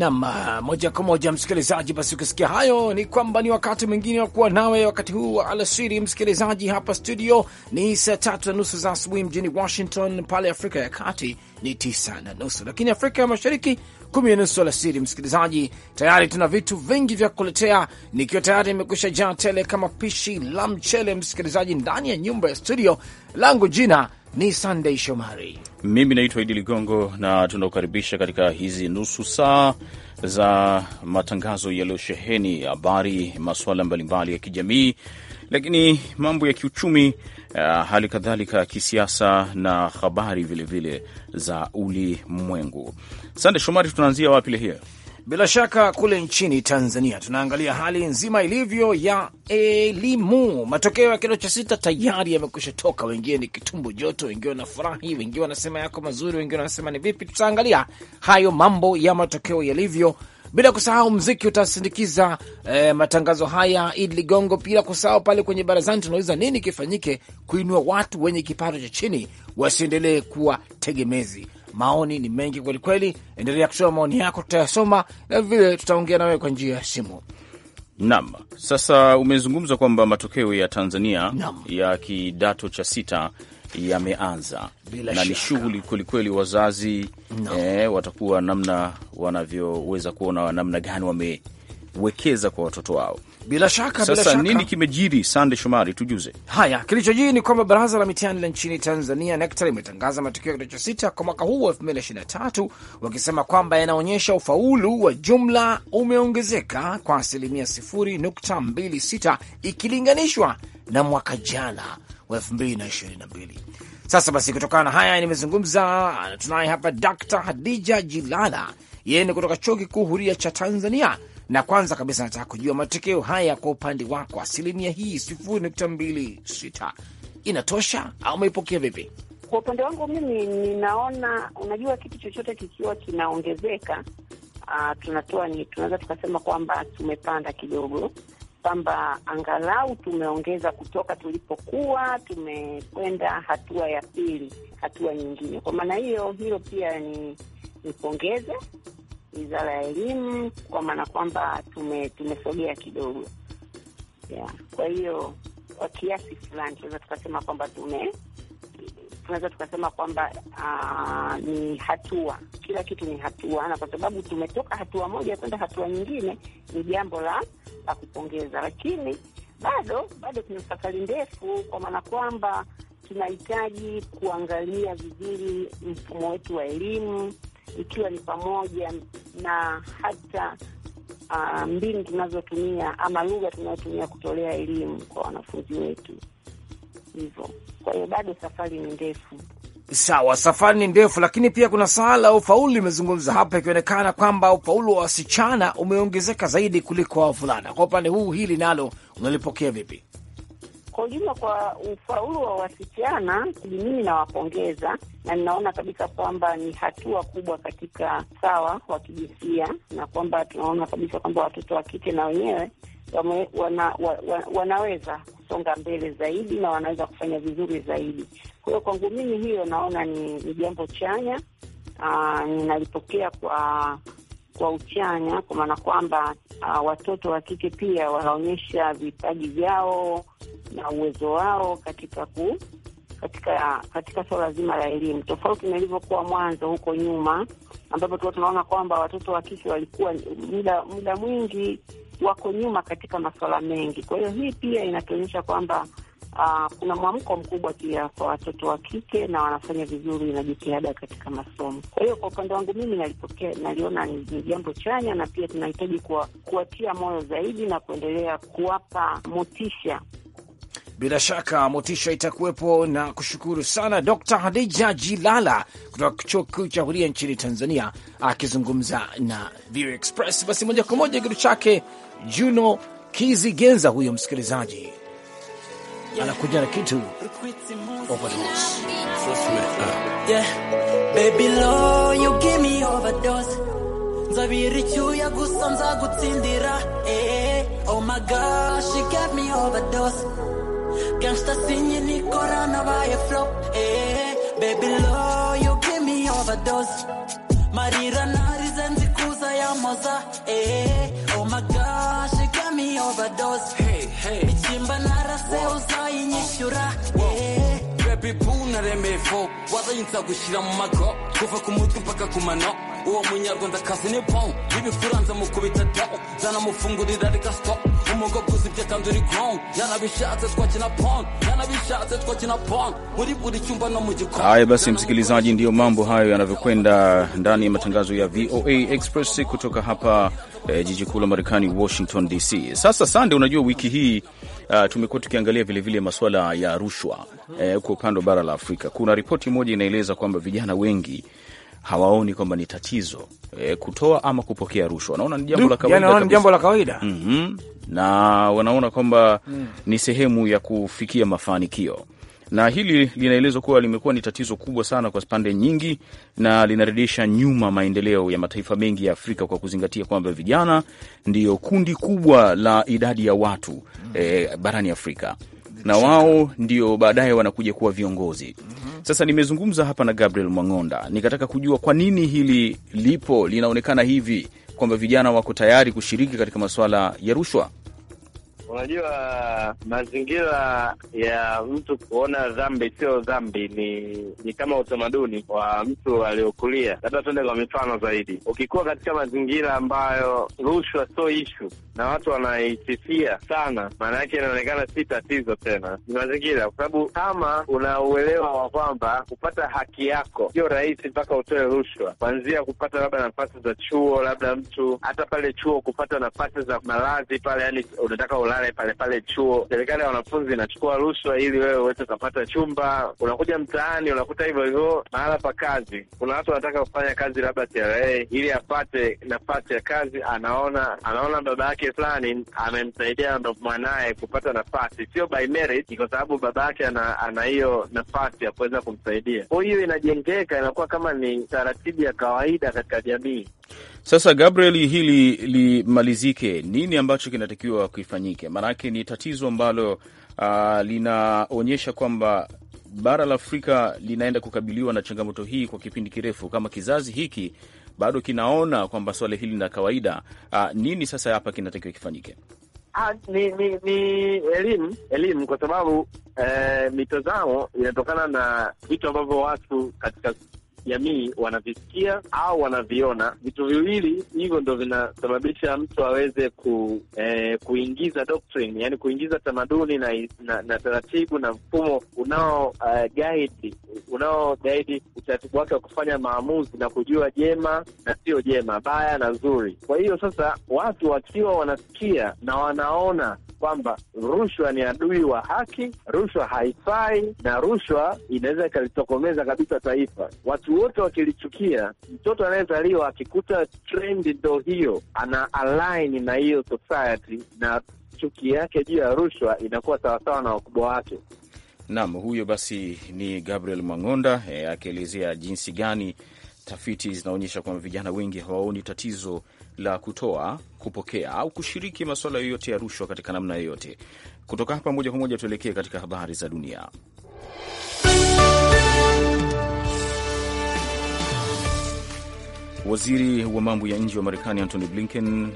Nam ah, moja kwa moja, msikilizaji, basi ukisikia hayo ni kwamba ni wakati mwingine wa kuwa nawe wakati huu wa alasiri. Msikilizaji, hapa studio ni saa tatu na nusu za asubuhi mjini Washington, pale Afrika ya Kati ni tisa na nusu, lakini Afrika ya Mashariki kumi na nusu alasiri. Msikilizaji, tayari tuna vitu vingi vya kukuletea, nikiwa tayari nimekusha jaa tele kama pishi la mchele, msikilizaji, ndani ya nyumba ya studio langu jina ni Sunday Shomari, mimi naitwa Idi Ligongo na tunakukaribisha katika hizi nusu saa za matangazo yaliyosheheni habari, masuala mbalimbali ya kijamii, lakini mambo ya kiuchumi, uh, hali kadhalika kisiasa na habari vilevile za ulimwengu. Sande Shomari, tunaanzia wapi leo? Bila shaka kule nchini Tanzania tunaangalia hali nzima ilivyo ya elimu. Matokeo ya kidato cha sita tayari yamekwisha toka, wengine ni kitumbo joto, wengine wanafurahi, wengine wanasema yako mazuri, wengine wanasema ni vipi. Tutaangalia hayo mambo ya matokeo yalivyo, bila kusahau mziki utasindikiza eh, matangazo haya. id Ligongo, bila kusahau pale kwenye barazani tunauliza nini kifanyike kuinua watu wenye kipato cha chini wasiendelee kuwa tegemezi. Maoni ni mengi kwelikweli, endelea kutoa maoni yako, tutayasoma na vile tutaongea nawewe kwa njia ya simu. Naam, sasa umezungumza kwamba matokeo ya Tanzania Nam. ya kidato cha sita yameanza na ni shughuli kwelikweli. Wazazi no. eh, watakuwa namna wanavyoweza kuona namna gani wame kuwekeza kwa watoto wao. Bila shaka, sasa bila shaka. Nini kimejiri Sande Shomari, tujuze. Haya, kilichojiri ni kwamba baraza la mitihani la nchini Tanzania NECTA limetangaza matokeo ya kidato cha sita kwa mwaka huu wa tatu wakisema kwamba yanaonyesha ufaulu wa jumla umeongezeka kwa asilimia sita ikilinganishwa na mwaka jana wa mbili. Sasa basi, kutokana na haya nimezungumza, tunaye hapa Dr. Hadija Jilala, yeye ni kutoka Chuo Kikuu Huria cha Tanzania na kwanza kabisa nataka kujua matokeo haya kwa upande wako, asilimia hii sifuri nukta mbili sita inatosha au umeipokea vipi? Kwa upande wangu mimi ninaona, unajua kitu chochote kikiwa kinaongezeka, uh, tunatoa ni tunaweza tukasema kwamba tumepanda kidogo, kwamba angalau tumeongeza kutoka tulipokuwa, tumekwenda hatua ya pili, hatua nyingine. Kwa maana hiyo, hilo pia ni nipongeze wizara ya elimu, kwa maana kwamba tume, tumesogea kidogo yeah. Kwa hiyo kwa kiasi fulani tunaweza tukasema kwamba tume tunaweza tukasema kwamba ah, ni hatua, kila kitu ni hatua, na kwa sababu tumetoka hatua moja kwenda hatua nyingine, ni jambo la la kupongeza, lakini bado bado tuna safari ndefu, kwa maana kwamba tunahitaji kuangalia vizuri mfumo wetu wa elimu ikiwa ni pamoja na hata uh, mbinu tunazotumia ama lugha tunayotumia kutolea elimu kwa wanafunzi wetu hivyo. Kwa hiyo bado safari ni ndefu. Sawa, safari ni ndefu, lakini pia kuna swala la ufaulu limezungumza hapa, ikionekana kwamba ufaulu wa wasichana umeongezeka zaidi kuliko wa wavulana. Kwa upande huu, hili nalo unalipokea vipi? Kwa ujumla, kwa ufaulu wa wasichana, mimi nawapongeza na ninaona kabisa kwamba ni hatua kubwa katika sawa wa kijinsia, na kwamba tunaona kabisa kwamba watoto wa kike na wenyewe wana, wana, wana, wanaweza kusonga mbele zaidi na wanaweza kufanya vizuri zaidi. Kwa hiyo kwangu mimi hiyo naona ni jambo chanya, ninalipokea kwa kwa uchanya, kwa maana kwamba watoto wa kike pia wanaonyesha vipaji vyao na uwezo wao katika ku, katika katika swala zima la elimu, tofauti na ilivyokuwa mwanzo huko nyuma, ambapo tulikuwa tunaona kwamba watoto wa kike walikuwa muda muda mwingi wako nyuma katika masuala mengi. Kwa hiyo hii pia inatuonyesha kwamba uh, kuna mwamko mkubwa pia kwa watoto wa kike na wanafanya vizuri na jitihada katika masomo. Kwa hiyo kwa upande wangu mimi nalipokea, naliona ni jambo chanya, na pia tunahitaji kuwatia moyo zaidi na kuendelea kuwapa motisha bila shaka motisha itakuwepo, na kushukuru sana Dr Hadija Jilala kutoka chuo kikuu cha Huria nchini Tanzania akizungumza na VOA Express. Basi moja kwa moja kitu chake Juno Kizigenza, huyo msikilizaji anakuja na kitu overdose Gangsta singing, the coronavirus flow. Hey, eh, baby low, you give me overdose. Marira nari zenzikuza ya moza. Hey, eh, oh my gosh, you got me overdose. Hey, hey. Michimba narase uzainyishura. Hey. Eh. Baby boo naremefo, mu mago. Kuva ku mutwe mpaka ku mano. Uwo munyarwanda kazi ni bon. Ibikuranza mukubita do. Zanamufungurira reka stop umugabwe uzibye kandi uri ground yanabishatse twakina pong yanabishatse twakina pong buri buri chumba no mu gikoni. Haya basi, msikilizaji, ndiyo mambo hayo yanavyokwenda ndani ya matangazo ya VOA Express kutoka hapa eh, jiji kuu la Marekani Washington DC. Sasa Sande, unajua wiki hii Uh, tumekuwa tukiangalia vilevile masuala ya rushwa eh, kwa upande wa bara la Afrika. Kuna ripoti moja inaeleza kwamba vijana wengi hawaoni kwamba ni tatizo e, kutoa ama kupokea rushwa. Wanaona yaani ni jambo la kawaida, yani jambo la kawaida mm -hmm. na wanaona kwamba mm. ni sehemu ya kufikia mafanikio na hili linaelezwa kuwa limekuwa ni tatizo kubwa sana kwa pande nyingi, na linarejesha nyuma maendeleo ya mataifa mengi ya Afrika kwa kuzingatia kwamba vijana ndiyo kundi kubwa la idadi ya watu mm e, barani Afrika na wao ndio baadaye wanakuja kuwa viongozi mm -hmm. Sasa nimezungumza hapa na Gabriel Mwang'onda, nikataka kujua kwa nini hili lipo linaonekana hivi kwamba vijana wako tayari kushiriki katika masuala ya rushwa. Unajua, mazingira ya mtu kuona dhambi sio dhambi ni ni kama utamaduni wa mtu aliokulia. Labda tuende kwa mifano zaidi. Ukikuwa katika mazingira ambayo rushwa sio ishu na watu wanaisifia sana, maana yake inaonekana si tatizo tena, ni mazingira, kwa sababu kama una uelewa wa kwamba kupata haki yako sio rahisi mpaka utoe rushwa, kuanzia kupata labda nafasi za chuo, labda mtu hata pale chuo kupata nafasi za malazi pale, yani unataka ulazi pale pale pale chuo. Serikali ya wanafunzi inachukua rushwa ili wewe uweze ukapata chumba. Unakuja mtaani unakuta hivyo hivyo. Mahala pa kazi, kuna watu wanataka kufanya kazi labda TRA ili apate nafasi ya kazi, anaona anaona baba yake fulani amemsaidia mwanaye kupata nafasi, sio by merit, kwa sababu baba yake ana hiyo nafasi ya kuweza kumsaidia. Kwa hiyo inajengeka, inakuwa kama ni taratibu ya kawaida katika jamii. Sasa Gabriel, hili limalizike, nini ambacho kinatakiwa kifanyike? Maanake ni tatizo ambalo uh, linaonyesha kwamba bara la Afrika linaenda kukabiliwa na changamoto hii kwa kipindi kirefu. Kama kizazi hiki bado kinaona kwamba swala hili la kawaida, uh, nini sasa hapa kinatakiwa kifanyike? Ha, ah, ni ni ni elimu elimu, kwa sababu eh, mitazamo inatokana na vitu ambavyo watu katika jamii wanavisikia au wanaviona. Vitu viwili hivyo ndo vinasababisha mtu aweze ku, eh, kuingiza doctrine, yani kuingiza tamaduni na, na, na taratibu na mfumo unao uh, guide unao guide utaratibu wake wa kufanya maamuzi na kujua jema na sio jema, baya na zuri. Kwa hiyo sasa watu wakiwa wanasikia na wanaona kwamba rushwa ni adui wa haki, rushwa haifai na rushwa inaweza ikalitokomeza kabisa taifa, watu watu wote wakilichukia, mtoto anayezaliwa akikuta trend ndo hiyo, ana align na hiyo society na chuki yake juu ya rushwa inakuwa sawasawa na wakubwa wake. Naam, huyo basi ni Gabriel Mwang'onda e, akielezea jinsi gani tafiti zinaonyesha kwamba vijana wengi hawaoni tatizo la kutoa, kupokea au kushiriki masuala yoyote ya rushwa katika namna yoyote. Kutoka hapa moja kwa moja tuelekee katika habari za dunia. Waziri wa mambo ya nje wa Marekani Antony Blinken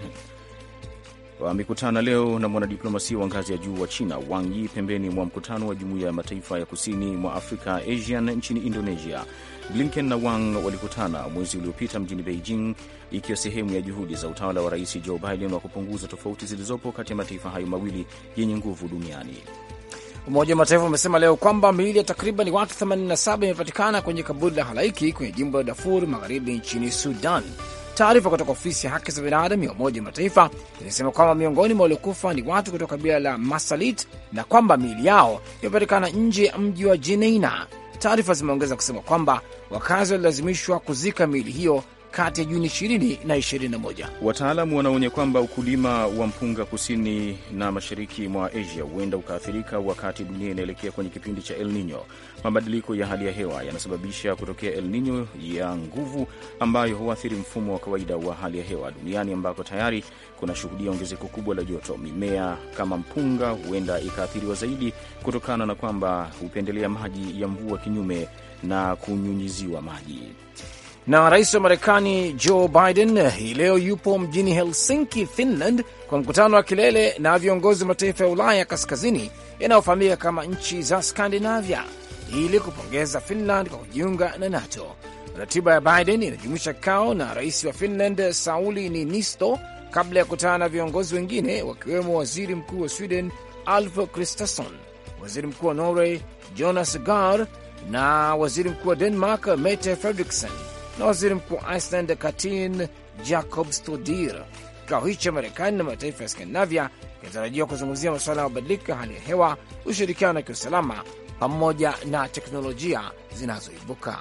amekutana leo na mwanadiplomasia wa ngazi ya juu wa China Wang Yi pembeni mwa mkutano wa Jumuiya ya Mataifa ya Kusini mwa Afrika ASEAN nchini Indonesia. Blinken na Wang walikutana mwezi uliopita mjini Beijing, ikiwa sehemu ya juhudi za utawala wa Rais Joe Biden wa kupunguza tofauti zilizopo kati ya mataifa hayo mawili yenye nguvu duniani. Umoja wa Mataifa umesema leo kwamba miili ya takriban watu 87 imepatikana kwenye kaburi la halaiki kwenye jimbo la Darfur magharibi nchini Sudan. Taarifa kutoka ofisi ya haki za binadamu ya Umoja wa Mataifa inasema kwamba miongoni mwa waliokufa ni watu kutoka kabila la Masalit na kwamba miili yao imepatikana nje ya mji wa Jeneina. Taarifa zimeongeza kusema kwamba wakazi walilazimishwa kuzika miili hiyo kati ya Juni 20 na 21. Wataalamu wanaonya kwamba ukulima wa mpunga kusini na mashariki mwa Asia huenda ukaathirika wakati dunia inaelekea kwenye kipindi cha El Nino. Mabadiliko ya hali ya hewa yanasababisha kutokea El Nino ya nguvu ambayo huathiri mfumo wa kawaida wa hali ya hewa duniani ambako tayari kunashuhudia ongezeko kubwa la joto. Mimea kama mpunga huenda ikaathiriwa zaidi kutokana na kwamba hupendelea maji ya mvua kinyume na kunyunyiziwa maji. Na rais wa Marekani Joe Biden eh, hii leo yupo mjini Helsinki, Finland, kwa mkutano wa kilele na viongozi wa mataifa ya Ulaya kaskazini yanayofahamika kama nchi za Skandinavia ili kupongeza Finland kwa kujiunga na NATO. Ratiba ya Biden inajumuisha kikao na rais wa Finland eh, Sauli Niinisto kabla ya kutana na viongozi wengine wakiwemo waziri mkuu wa Sweden alf Kristersson, waziri mkuu wa Norway Jonas Gahr na waziri mkuu wa Denmark Mette Frederiksen na waziri mkuu wa Iceland Katrin Jacob Stodir. Kikao hicho Marekani na mataifa ya Skandinavia kinatarajiwa kuzungumzia masuala ya mabadiliko ya hali ya hewa, ushirikiano na kiusalama, pamoja na teknolojia zinazoibuka.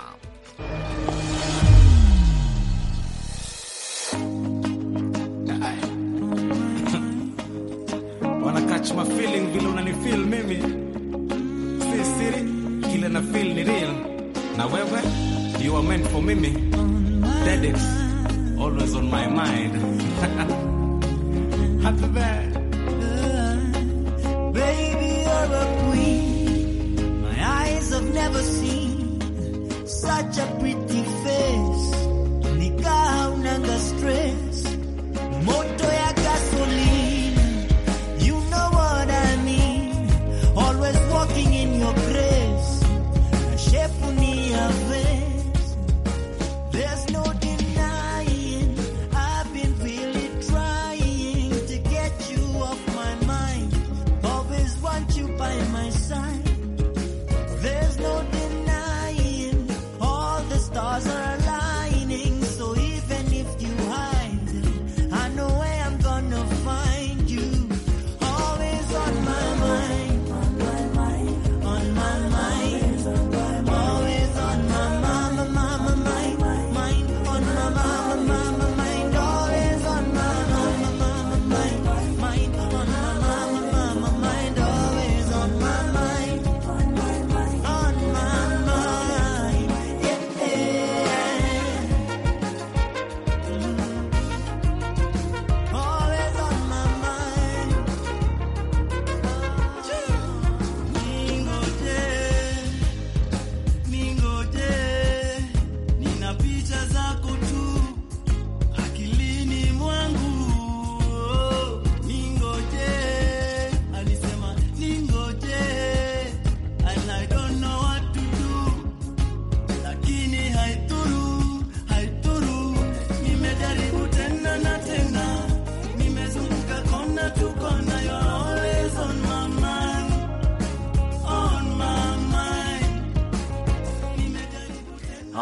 na wewe You are meant for Mimi. Dead it. Always on my mind. Happy birthday. Baby, you're a queen. My eyes have never seen such a pretty face. Nika haunanga stress.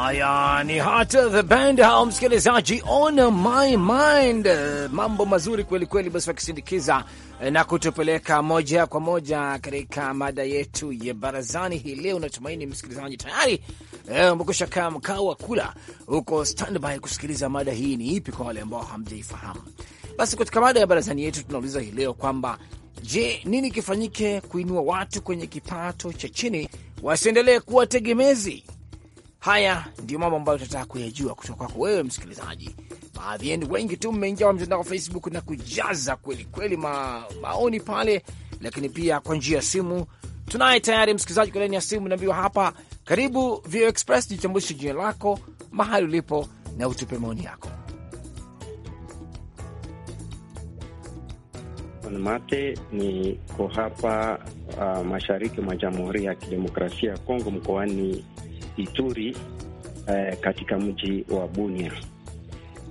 Haya ni hat the band hao, msikilizaji, on my mind. Mambo mazuri kweli kweli, basi wakisindikiza eh, na kutupeleka moja kwa moja katika mada yetu ya barazani hii leo. Natumaini msikilizaji tayari eh, umekusha kaa mkao wa kula huko standby kusikiliza mada hii ni ipi, kwa wale ambao hamjaifahamu. Basi katika mada ya barazani yetu tunauliza hii leo kwamba je, nini kifanyike kuinua watu kwenye kipato cha chini wasiendelee kuwa tegemezi Haya ndiyo mambo ambayo tunataka kuyajua kutoka kwako wewe msikilizaji. Baadhi yenu wengi tu mmeingia wa mtandao wa Facebook na kujaza kweli kweli ma, maoni pale, lakini pia kwa njia ya simu. Tunaye tayari msikilizaji kwa laini ya simu, naambiwa hapa. Karibu VOA Express, jitambulishe jina lako, mahali ulipo na utupe maoni yako. Mate ni ko hapa uh, mashariki mwa Jamhuri ya Kidemokrasia ya Kongo mkoani Ituri eh, katika mji wa Bunia.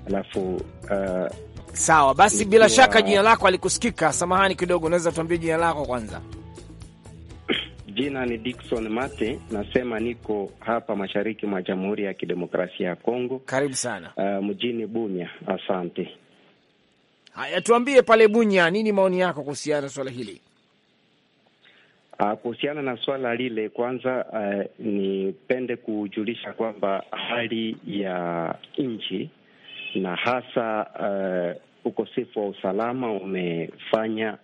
Alafu eh, sawa basi, bila wa... shaka jina lako alikusikika. Samahani kidogo, unaweza tuambie jina lako kwanza? Jina ni Dickson Mate, nasema niko hapa mashariki mwa Jamhuri ya Kidemokrasia ya Kongo. Karibu sana uh, mjini Bunya. Asante. Haya, tuambie pale Bunya, nini maoni yako kuhusiana na swala hili? Ah, kuhusiana na swala lile, kwanza uh, nipende kujulisha kwamba hali ya nchi na hasa uh, ukosefu wa usalama umefanya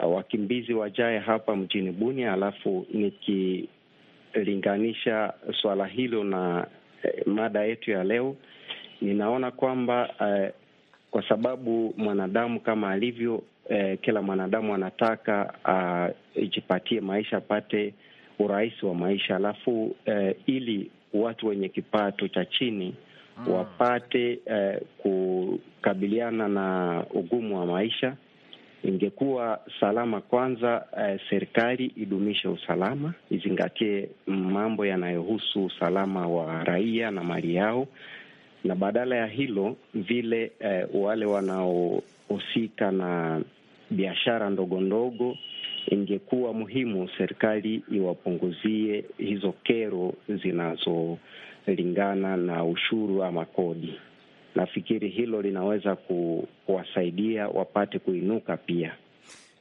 uh, wakimbizi wajae hapa mjini Bunia, alafu nikilinganisha swala hilo na uh, mada yetu ya leo, ninaona kwamba uh, kwa sababu mwanadamu kama alivyo eh, kila mwanadamu anataka ah, ijipatie uh, maisha, apate urahisi wa maisha, alafu eh, ili watu wenye kipato cha chini mm. wapate eh, kukabiliana na ugumu wa maisha, ingekuwa salama kwanza, eh, serikali idumishe usalama, izingatie mambo yanayohusu usalama wa raia na mali yao, na badala ya hilo vile eh, wale wanao husika na biashara ndogo ndogo, ingekuwa muhimu serikali iwapunguzie hizo kero zinazolingana na ushuru ama kodi. Nafikiri hilo linaweza kuwasaidia wapate kuinuka pia.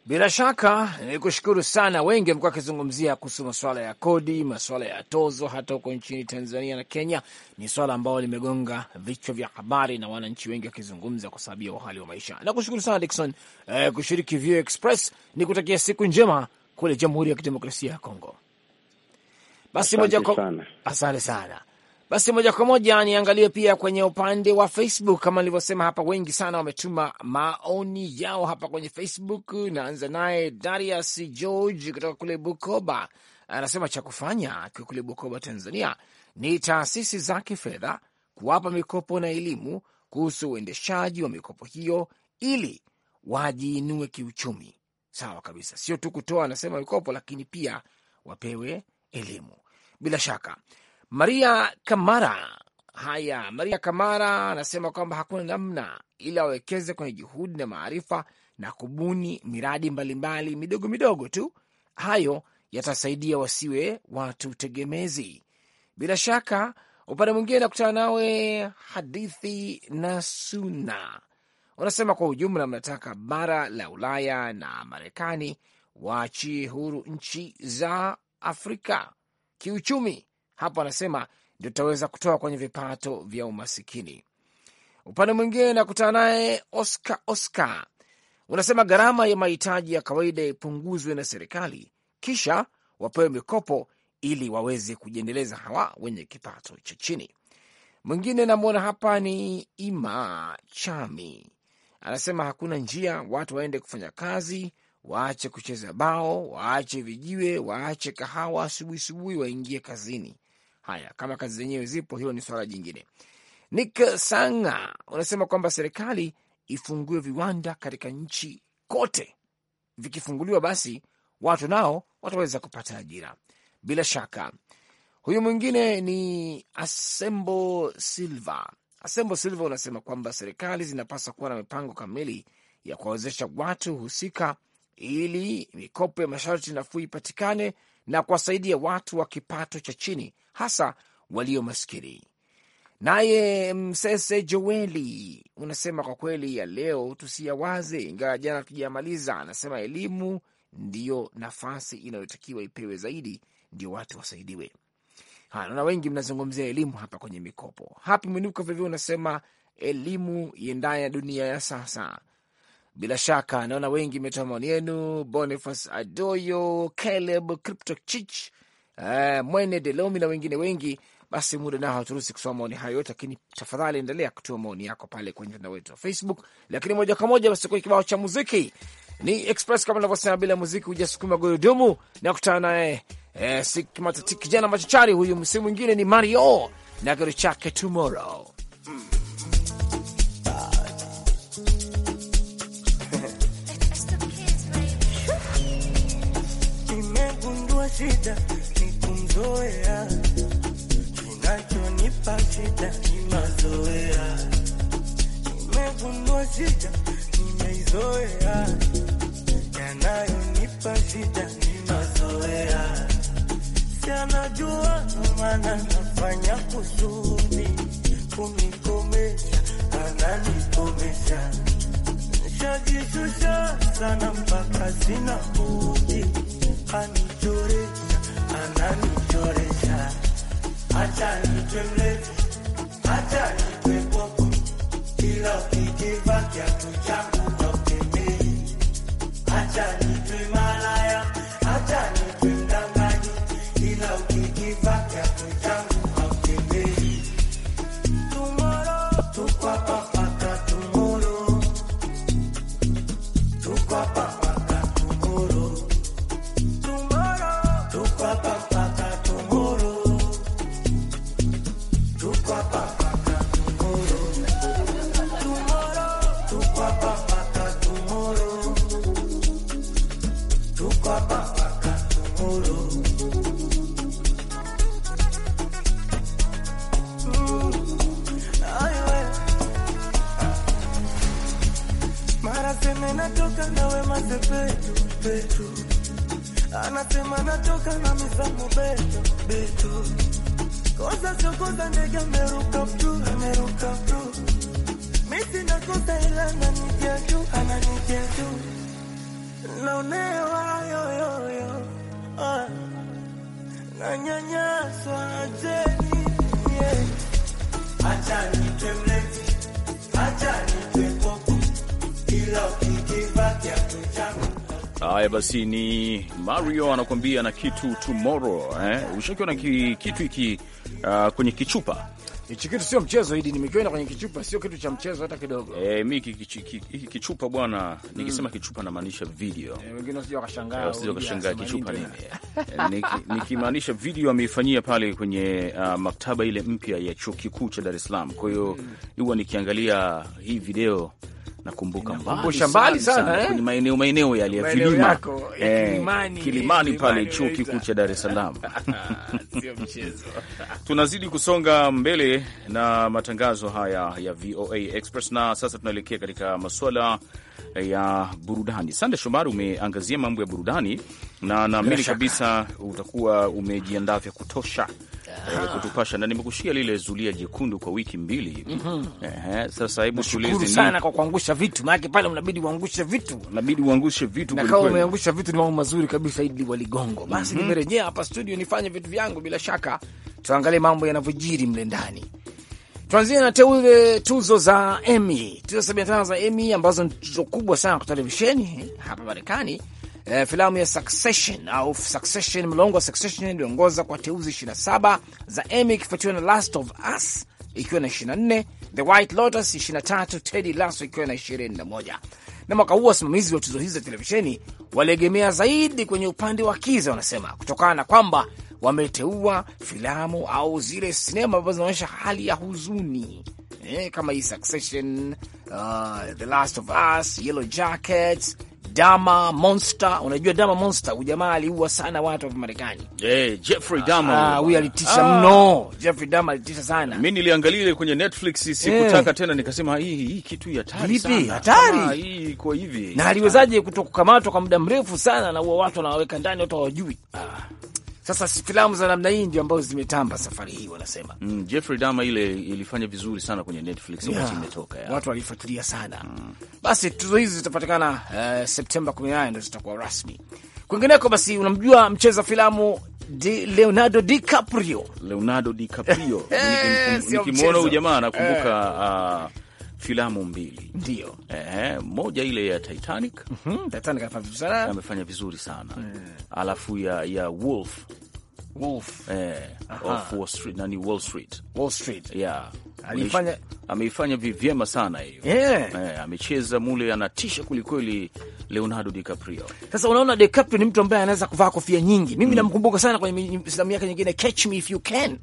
Bila shaka ni kushukuru sana. Wengi wamekuwa wakizungumzia kuhusu masuala ya kodi, masuala ya tozo, hata huko nchini Tanzania na Kenya ni swala ambalo limegonga vichwa vya habari na wananchi wengi wakizungumza kwa sababu ya uhali wa maisha. Nakushukuru sana dikson eh, kushiriki View Express. Ni kutakia siku njema kule Jamhuri ya Kidemokrasia ya Kongo. Basi moja kwa asante sana. Basi moja kwa moja niangalie pia kwenye upande wa Facebook. Kama nilivyosema hapa, wengi sana wametuma maoni yao hapa kwenye Facebook. Naanza naye Darius George kutoka kule Bukoba, anasema cha kufanya akiwa kule Bukoba, Tanzania, ni taasisi za kifedha kuwapa mikopo na elimu kuhusu uendeshaji wa mikopo hiyo ili wajiinue kiuchumi. Sawa kabisa, sio tu kutoa anasema mikopo, lakini pia wapewe elimu. Bila shaka Maria Kamara. Haya, Maria Kamara anasema kwamba hakuna namna ila wawekeze kwenye juhudi na maarifa na kubuni miradi mbalimbali mbali, midogo midogo tu. Hayo yatasaidia wasiwe watu tegemezi. Bila shaka, upande mwingine nakutana nawe. Hadithi na Suna unasema kwa ujumla, mnataka bara la Ulaya na Marekani waachie huru nchi za Afrika kiuchumi hapo anasema ndio tutaweza kutoa kwenye vipato vya umasikini. Upande mwingine nakutana naye Oscar Oscar, unasema gharama ya mahitaji ya kawaida ipunguzwe na serikali, kisha wapewe mikopo ili waweze kujiendeleza hawa wenye kipato cha chini. Mwingine namwona hapa ni Ima Chami, anasema hakuna njia, watu waende kufanya kazi, waache kucheza bao, waache vijiwe, waache kahawa asubuhi subuhi, waingie kazini. Haya, kama kazi zenyewe zipo, hilo ni swala jingine. Nick Sanga unasema kwamba serikali ifungue viwanda katika nchi kote, vikifunguliwa basi watu nao wataweza kupata ajira bila shaka. Huyu mwingine ni Asembo Silva. Asembo Silva unasema kwamba serikali zinapaswa kuwa na mipango kamili ya kuwawezesha watu husika ili mikopo ya masharti nafuu ipatikane na kuwasaidia watu wa kipato cha chini hasa walio maskini. Naye Msese Joeli unasema kwa kweli ya leo tusiyawaze, ingawa jana hatujamaliza. Anasema elimu ndiyo nafasi inayotakiwa ipewe zaidi, ndio watu wasaidiwe. Haya, naona wengi mnazungumzia elimu hapa kwenye mikopo. Hapi Mwinuko vilevile unasema elimu iendaye dunia ya sasa. Bila shaka naona wengi mmetoa maoni yenu. Boniface Adoyo, Caleb Crypto Chich uh, Mwene De na wengine wengi. Basi muda nao haturuhusi kusoma maoni hayo yote, lakini tafadhali endelea kutoa maoni yako pale kwenye mtandao wetu wa Facebook. Lakini moja kwa moja basi kwenye kibao cha muziki ni Express kama navyosema, bila muziki hujasukuma gurudumu na kutana naye eh, sikimatati kijana machachari huyu, msimu mwingine ni Mario na kitu chake tomorrow mm mazoea, kinachonipa shida ni mazoea. Nimegundua shida nimeizoea, yanayonipa shida ni mazoea. Sianajua maana nafanya kusudi kunikomesha, ananikomesha shajishusha sana mpaka sina budi, anichoresha anani Acha kama natoka na mizamu beto beto, koza sokoza ndege ameruka mtu ameruka mtu, misi nakosa ila ananijia tu ananijia tu, naonewa yoyoyo ah, nanyanyaswa jeni yeah. Acha nitwe mlevi, acha nitwe koko, ila ukikivakya tuta Haya basi, ni Mario anakuambia na kitu tomorrow. Eh, ushakiwa na kitu hiki uh, kwenye kichupa hichi kitu sio mchezo hidi, nimekiona kwenye kichupa, sio kitu cha mchezo hata kidogo. E, mi hiki kichupa bwana, nikisema mm. kichupa namaanisha video. Eh, wengine wasije wakashangaa, eh, wasije wakashangaa kichupa nini? Nikimaanisha video ameifanyia pale kwenye uh, maktaba ile mpya ya chuo kikuu cha Dar es Salaam. Kwa hiyo mm. huwa nikiangalia hii video nakumbuka mbali mbali sana eh? kwenye maeneo maeneo yale ya vilima eh, Kilimani pale chuo kikuu cha Dar es Salaam. Tunazidi kusonga mbele na matangazo haya ya VOA Express, na sasa tunaelekea katika masuala ya burudani. Sande Shomari, umeangazia mambo ya burudani na naamini kabisa utakuwa umejiandaa vya kutosha e, kutupasha na nimekushia lile zulia jekundu kwa wiki mbili. mm -hmm. E, sasa hebu tueleze sana kwa kuangusha vitu, maana pale unabidi uangushe vitu, unabidi uangushe vitu, na kama umeangusha vitu ni mambo mazuri kabisa. Idi Waligongo, basi mm -hmm. nimerejea hapa studio nifanye vitu vyangu, bila shaka tuangalie mambo yanavyojiri mle ndani. Tuanzie na teule eh, tuzo za Emmy, tuzo 75 za Emmy ambazo ni tuzo kubwa sana kwa televisheni hapa Marekani eh, filamu ya Succession au Succession, mlongo wa Succession iliongoza kwa teuzi 27 za Emmy ikifuatiwa na Last of Us ikiwa na 24, The White Lotus 23, Ted Lasso ikiwa na 21. Na mwaka huu wasimamizi wa tuzo hizi za televisheni waliegemea zaidi kwenye upande wa kiza, wanasema kutokana na kwamba wameteua filamu au zile sinema ambazo zinaonyesha hali ya huzuni eh, kama hii Succession, uh, The Last of Us, Yellow Jackets Dama Monster, unajua Dama Monster huyu jamaa aliua sana watu wa Marekani. Eh, Jeffrey Dama. Ah, huyu alitisha ah. mno. Jeffrey Dama alitisha sana. Mimi niliangalia ile kwenye Netflix sikutaka eh. tena nikasema hii hii kitu ya hatari sana. Lipi hatari? Hii iko hivi. Na aliwezaje kutokukamatwa kwa muda mrefu sana na huwa watu wanaweka ndani watu hawajui. Ah. Sasa filamu za namna hii ndio ambazo zimetamba safari hii wanasema. Mm, Jeffrey Dahmer ile ilifanya vizuri sana kwenye Netflix yeah, wakati imetoka ya. Watu walifuatilia sana. Mm. Basi tuzo hizi zitapatikana uh, Septemba 18 ndio zitakuwa rasmi. Kwingineko basi unamjua mcheza filamu Di Leonardo DiCaprio. Leonardo DiCaprio. Eh, nikimwona huyu jamaa nakumbuka eh. ah, filamu mbili ndio, eh, moja ile ya Titanic, mm -hmm. Titanic amefanya vizuri sana Yeah. alafu ya, ya Wolf Wolf. Eh, of Wall Street, nani Wall Street. Wall Street. Yeah. Alifanya ameifanya vyema sana hiyo. Yeah. Eh, amecheza mule anatisha kulikweli Leonardo DiCaprio. Sasa unaona DiCaprio ni mtu ambaye anaweza kuvaa kofia nyingi. Mimi mm. namkumbuka sana kwenye filamu yake nyingine Catch Me If You Can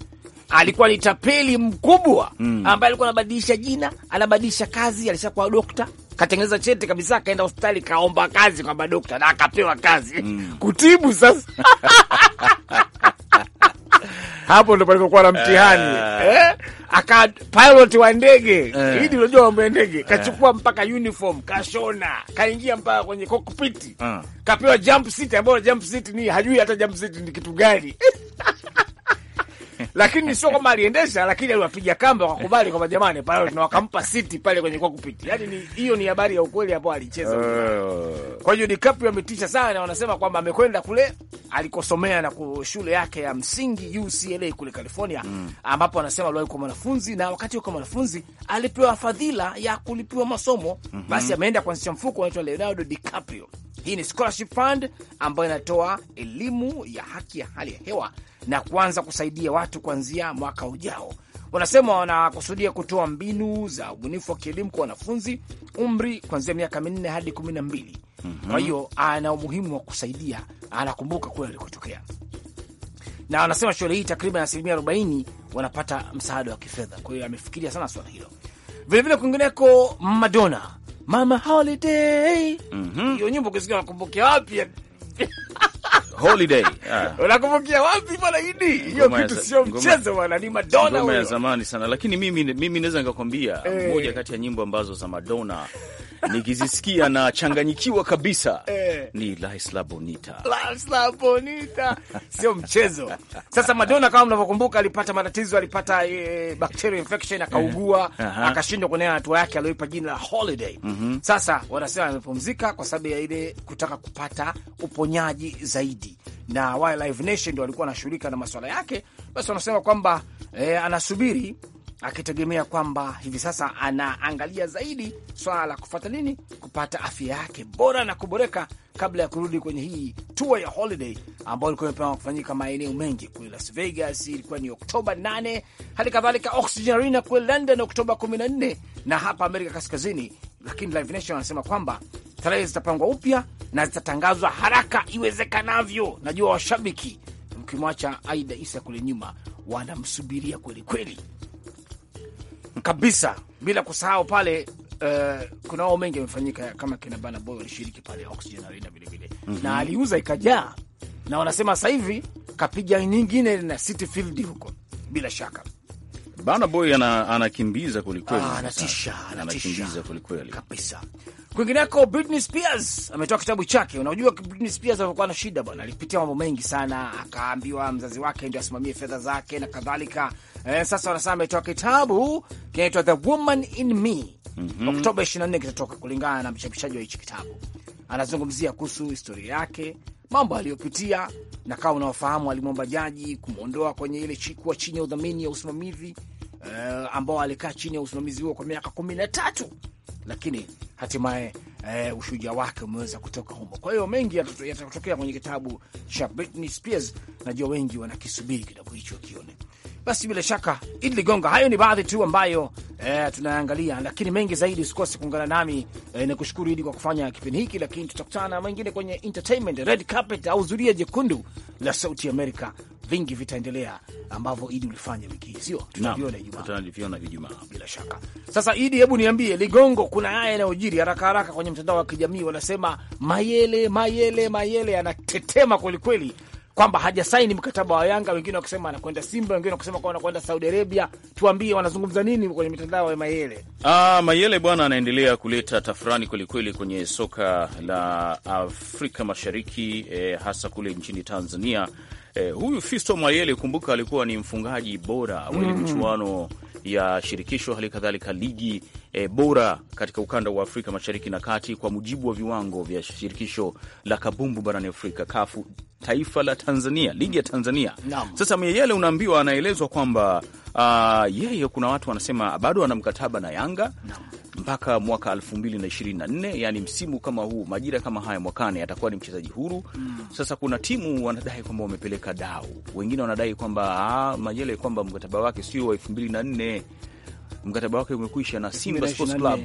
alikuwa ni tapeli mkubwa mm, ambaye alikuwa anabadilisha jina, anabadilisha kazi, alishakuwa dokta katengeneza cheti kabisa, akaenda hospitali kaomba kazi kwamba dokta, na akapewa kazi mm, kutibu sasa hapo ndo palipokuwa na mtihani uh, eh? aka pilot wa ndege uh, eh. hidi unajua mambo ya ndege eh. kachukua mpaka uniform kashona, kaingia mpaka kwenye kokpiti uh, ah. kapewa jump seat, ambayo jump seat ni hajui hata jump seat ni kitu gani lakini sio kwamba aliendesha, lakini aliwapiga kamba wakakubali kwamba jamani, pale tunawakampa siti pale kwenye kwa kupiti. Yani ni hiyo ni habari ya ukweli hapo alicheza. uh, Kwa hiyo DiCaprio ametisha sana wanasema kwamba amekwenda kule alikosomea na shule yake ya msingi UCLA kule California mm, ambapo anasema aliwahi kuwa mwanafunzi na wakati yuko mwanafunzi alipewa fadhila ya kulipiwa masomo mm -hmm. Basi ameenda kuanzisha mfuko unaitwa Leonardo DiCaprio hii ni scholarship fund ambayo inatoa elimu ya haki ya hali ya hewa na kuanza kusaidia watu kuanzia mwaka ujao. Wanasema wanakusudia kutoa mbinu za ubunifu wa kielimu kwa wanafunzi umri kuanzia miaka minne hadi kumi na mbili. Mm -hmm. Kwa hiyo ana umuhimu wa kusaidia, anakumbuka kule alikotokea, na wanasema shule hii takriban asilimia arobaini wanapata msaada wa kifedha. Kwa hiyo amefikiria sana swala hilo. Vilevile kwingineko, Madonna Mama Holiday mm -hmm hiyo nyimbo ukisikia nakumbukia wapi? Holiday. Ah. Unakumbukia wapi bwana Idi? Hiyo kitu sio mchezo bwana, ni Madonna huyo. Ngoma ya zamani sana, lakini mimi mimi naweza nikakwambia eh. moja kati ya nyimbo ambazo za Madonna nikizisikia na changanyikiwa kabisa eh. Ni Laisla Bonita, Laisla Bonita sio mchezo. Sasa Madonna kama mnavyokumbuka, alipata matatizo, alipata e, bacterial infection akaugua, eh. akashindwa kunena hatua yake aliyoipa jina la holiday. mm -hmm. Sasa wanasema amepumzika kwa sababu ya ile kutaka kupata uponyaji zaidi, na Wildlife Nation ndio walikuwa wanashughulika na maswala yake, basi wanasema kwamba e, anasubiri akitegemea kwamba hivi sasa anaangalia zaidi swala la kufata nini, kupata afya yake bora na kuboreka kabla ya kurudi kwenye hii tour ya holiday ambayo ilikuwa imepangwa kufanyika maeneo mengi kule Las Vegas, ilikuwa ni Oktoba 8, hali kadhalika Oxygen Arena kule London Oktoba 14, na hapa Amerika Kaskazini. Lakini Live Nation anasema kwamba tarehe zitapangwa upya na zitatangazwa haraka iwezekanavyo. Najua washabiki mkimwacha Aida Isa kule nyuma wanamsubiria kwelikweli kabisa, bila kusahau pale Uh, wao mengi amefanyika kama kina Bana Boy walishiriki pale Oxygen Arena vile vile mm -hmm. na aliuza ikajaa, na wanasema sasa hivi kapiga nyingine na City Field huko bila shaka Bana Boy anakimbiza kwelikweli, ah, ah, anatisha, anakimbiza kwelikweli kabisa. Kwingineko, Britney Spears ametoa kitabu chake. Unajua Britney Spears alikuwa na shida bwana, alipitia mambo mengi sana, akaambiwa mzazi wake ndio asimamie fedha zake na kadhalika. Eh, sasa wanasema ametoa kitabu kinaitwa The Woman in Me. mm -hmm. Oktoba 24 kitatoka kulingana na mchapishaji wa hichi kitabu, anazungumzia kuhusu historia yake mambo aliyopitia, na kama unaofahamu, alimwomba jaji kumwondoa kwenye ile chikuwa chini ya udhamini ya usimamizi uh, ambao alikaa chini ya usimamizi huo kwa miaka kumi na tatu lakini hatimaye uh, ushujaa wake umeweza kutoka humo. Kwa hiyo mengi yatatokea kwenye kitabu cha Britney Spears, najua wengi wanakisubiri kitabu hicho wakione basi bila shaka Idi Ligonga, hayo ni baadhi tu ambayo eh, tunaangalia, lakini mengi zaidi usikose kuungana nami eh, na kushukuru Idi kwa kufanya kipindi hiki, lakini tutakutana na mengine kwenye entertainment red carpet au zulia jekundu la Sauti Amerika. Vingi vitaendelea ambavyo Idi ulifanya wiki hii, sio tutaviona Ijumaa, tutaviona Ijumaa bila shaka. Sasa Idi, hebu niambie Ligongo, kuna haya yanayojiri haraka haraka kwenye mtandao wa kijamii, wanasema Mayele Mayele Mayele anatetema kwelikweli kwamba hajasaini mkataba wa Yanga, wengine wakisema anakwenda Simba, wengine wakisema kwamba anakwenda Saudi Arabia. Tuambie wanazungumza nini kwenye mitandao ya Mayele? Ah, Mayele bwana anaendelea kuleta tafurani kwelikweli kwenye soka la Afrika Mashariki eh, hasa kule nchini Tanzania. Eh, huyu Fisto Mayele kumbuka, alikuwa ni mfungaji bora mm-hmm. wa mm -hmm. mchuano ya shirikisho, hali kadhalika ligi e, bora katika ukanda wa Afrika Mashariki na Kati kwa mujibu wa viwango vya shirikisho la kabumbu barani Afrika kafu taifa la Tanzania, ligi ya Tanzania no. Sasa Miyele unaambiwa, anaelezwa kwamba uh, yeye kuna watu wanasema bado ana mkataba na Yanga no mpaka mwaka 2024 yani msimu kama huu, majira kama haya mwakani, atakuwa ni mchezaji huru mm. Sasa kuna timu wanadai kwamba wamepeleka dau, wengine wanadai kwamba ah, Majele kwamba mkataba wake sio wa 2024 mkataba wake umekwisha na Simba Sports Club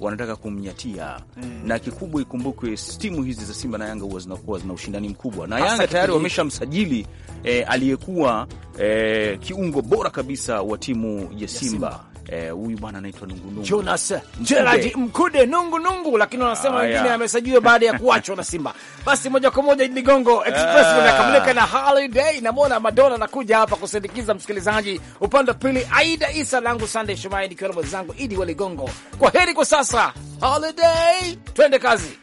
wanataka kumnyatia hmm. Na kikubwa ikumbukwe, timu hizi za Simba na Yanga huwa zinakuwa zina ushindani mkubwa, na Yanga tayari wameshamsajili e, aliyekuwa e, kiungo bora kabisa wa timu ya Simba Eh, huyu eh, bwana anaitwa Nungunungu Jonas Gerard Mkude Nungunungu, lakini wanasema wengine amesajiwa baada ya kuachwa na Simba. Basi moja kwa moja Ligongo Express unakamilika ah. na Holiday, namwona Madonna anakuja hapa kusindikiza msikilizaji. Upande wa pili Aida Isa langu Sunday Shumai nikiwa na mwenzangu Idi wa Ligongo. Kwa heri kwa sasa, Holiday, twende kazi.